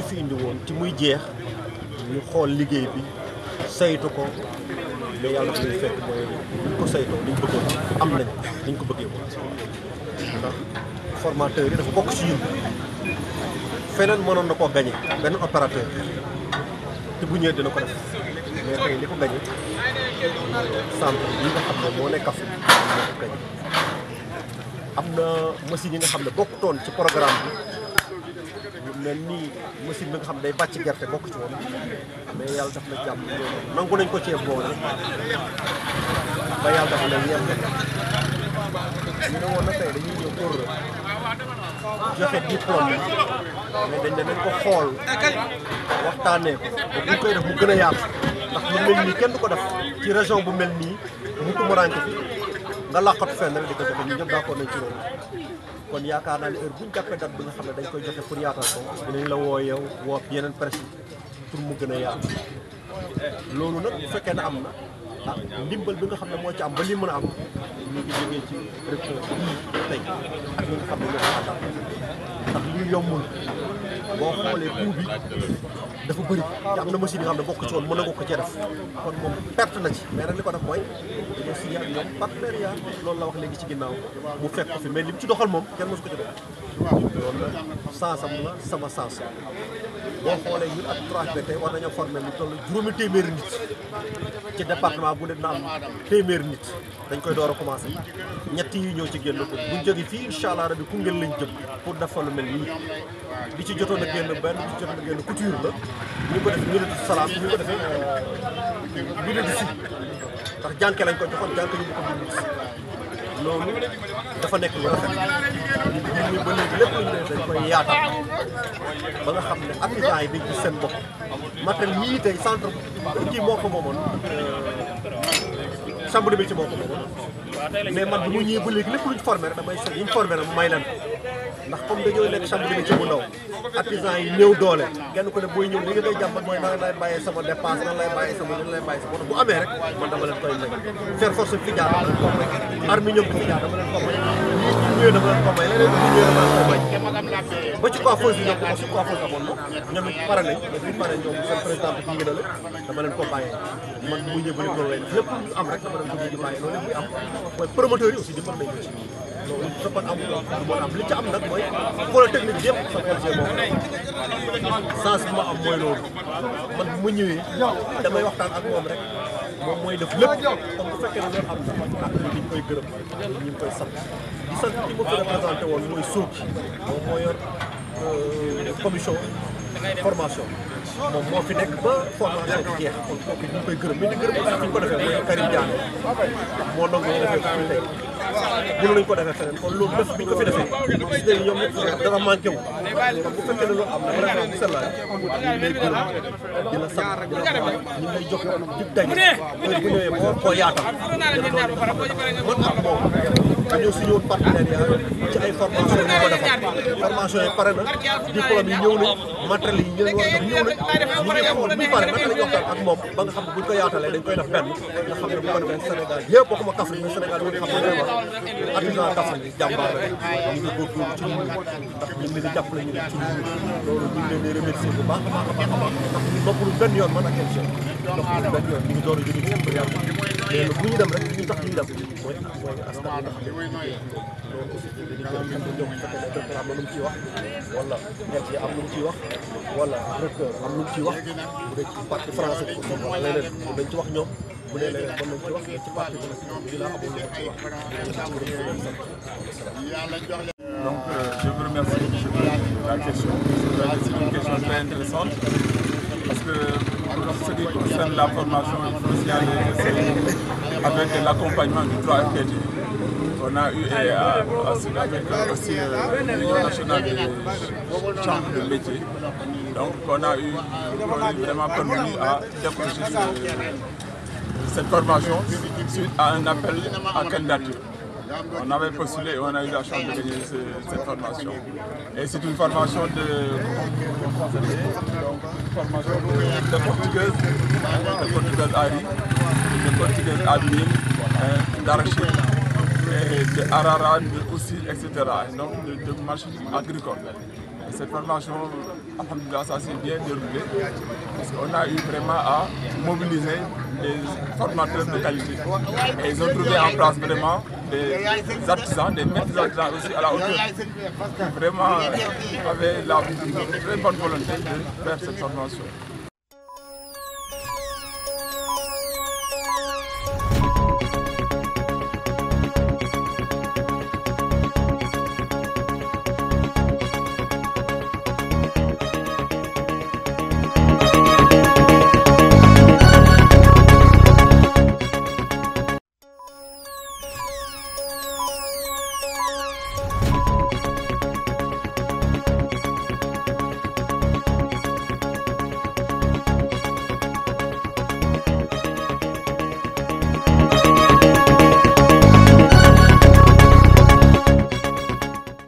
ñu fi woon ci muy jeex ñu xool liggéey bi saytu ko mais yàlla bu mooy buñ ko saytoo liñ am nañ liñ ko bëggee woon ndax yi dafa bokk si ñun feneen mënoon na koo gañe beneen opérateur te bu ñëwee dina ko def mais tey li moo nekk af moo ko gañe am na machine yi nga xam ne bokkutoon ci programme bi นนี่มุสิมึงทำได้บัจจิกแต่บกชนไม่เอาวจะไม่จำน้องคนนึงก็เชียบโบนะไม่เอาวจะไมเยี่ยมเลยน้องคนนั้นแต่ได้ยินอยู่กูรู้จะเป็นที่คนเดนเดนก็ฟอลวัดตาเนี่ยผมก็จะหุกเลยครับหลัมุมมีแค่ตัวเดียวที่เราชอบุมุมนี้หุกตัวมรันตุ nga làqatu fenn rek di ko joxe ñun ñëpp d'accord nañ ci loolu kon yaakaar naa ne heure bu ñu jàppee date bi nga xam ne dañ koy joxe pour yaatal ko dinañ la woo yow woo yeneen presse pour mu gën a yaatu loolu nag bu fekkee ne am na ah ndimbal bi nga xam ne moo ci am ba li mën a am ñu ci directeur tey ak ñi nga ndax lii yombul boo xoolee coût bi dafa bëri te am na machine xam ne bokk ci woon mën na ko ko cee def kon moom perte na ci mais nag ko def mooy dañoo signé ak ñoom partenariat loolu la wax léegi ci ginnaaw mu fekk ko fi mais li mu ci doxal moom kenn mosu ko ci sama sans boo xoolee ñun ak 3PT war nañoo formé lu toll juróomi téeméeri nit ci département bu ne dina am téeméeri nit dañ koy door a commencé ñetti yi ñëw ci génn ko bu ñu jógee fii incha allah rabi Koungheul lañ jëm pour def fa lu mel nii li ci jotoon a génn benn li ci jotoon a la ñu ngi ko def minute salaam ñu ngi ko defee minute euh, si ndax jànke lañ ko joxoon jànke ko minute loolu dafa nekk lu rafet ñun ñu ba léegi lépp lu ñu nga xam ne artisan yi dañ ci seen tey centre kii moo ko moomoon euh, chambre de métier moo ko moomoon mais man bu mu ñëwee ba léegi lépp yi ñu formé rek may leen ko ndax comme dañoo nekk chambre ci bu ndaw artisan yi néew doole kenn ku ne booy ñëw li nga koy mooy nan lay bàyyee sama dépense nan lay bàyyee sama nan lay bàyyee sama ba ci coiffeuse yi ñoom ko nañ bi pare ñoom seen président bi ngi dale dama leen ko bàyyee man bu ñëwee ba lépp loolu lay lépp ñu am rek dama leen ko di bàyyee loolu lépp muy am mooy promoteurs yi aussi di soppan am du bon am li ci am nag mooy xoolal technique yëpp sama LG boobu ma am mooy loolu man bu ma ñëwee damay waxtaan ak moom rek moom mooy def lépp kon bu fekkee ne am na ak ñu ngi koy gërëm ñu ngi koy sant di sant ki ma ko représenté woon mooy suuf moom moo yor commission formation moom moo fi nekk ba formation bi jeex kon kooku ñu ngi koy gërëm ñu ngi gërëm daal fi ñu ko defee mooy Karim Diané moo nangu ñu defee ko fi tey mënu lañu ko defee feneen kon loolu def bi ñu ko fi defee gis nañu ñoom ñëpp dara manqué wu kon bu fekkee ne loolu am na vraiment bu sellaay ñu ngi lay gërëm di la sant di la ñu ngi lay jox dig daje heure bu ñëwee boo koo yaatal dina doon mën am moom dañoo signé woon partenariat ci ay formation ñu ko defal formation yi pare na diplôme yi ñëw na matériel yi ñëw na ñëw na ak moom ba nga xam ne buñ ko yaatalee dañ koy def benn nga xam ne bu ko defee Sénégal yëpp waxuma Kaffrine mais Sénégal yëpp xam ne vraiment artisan Kaffrine yi jàmbaar rek ñu ngi góorgóorlu ci ñun ndax ñun li ñu jàppale ñu ci ñun loolu ñu ngi leen di remercier bu baax a baax a baax a baax ndax noppul benn yoon man ak yéen seen noppul benn yoon ñu ngi door a jóge ci mbir yàlla mais bu ñu dem rek li ñu tax ñu dem mooy mooy askan wi nga xam ne loolu aussi dañu koy xam ne ñoom fekkee ne docteur am na lu mu ciy wax wala ñett yi am lu mu ciy wax wala recteur am Euh, je vous remercie la question c'est une question très intéressante parce que pour ce qui concerne la formation il avec l'accompagnement du 3FPT on a eu et à, à euh, l'Union nationale de chambre de métier. Donc on a eu, on a vraiment permis à décrocher cette formation suite à un appel à candidature. On avait postulé et on a eu la chance de gagner cette formation. Et c'est une formation de une formation de portugaise, de portugaise à de portugaise à euh, d'archives de hararan, de aussi, etc. Donc, de, marché agricole. cette formation, Alhamdulillah, ça s'est bien déroulé. Parce qu'on a eu vraiment à mobiliser des formateurs de qualité. Et ils ont trouvé en place vraiment des artisans, des maîtres artisans aussi à la hauteur. Vraiment, euh, avec la très bonne volonté de faire cette formation.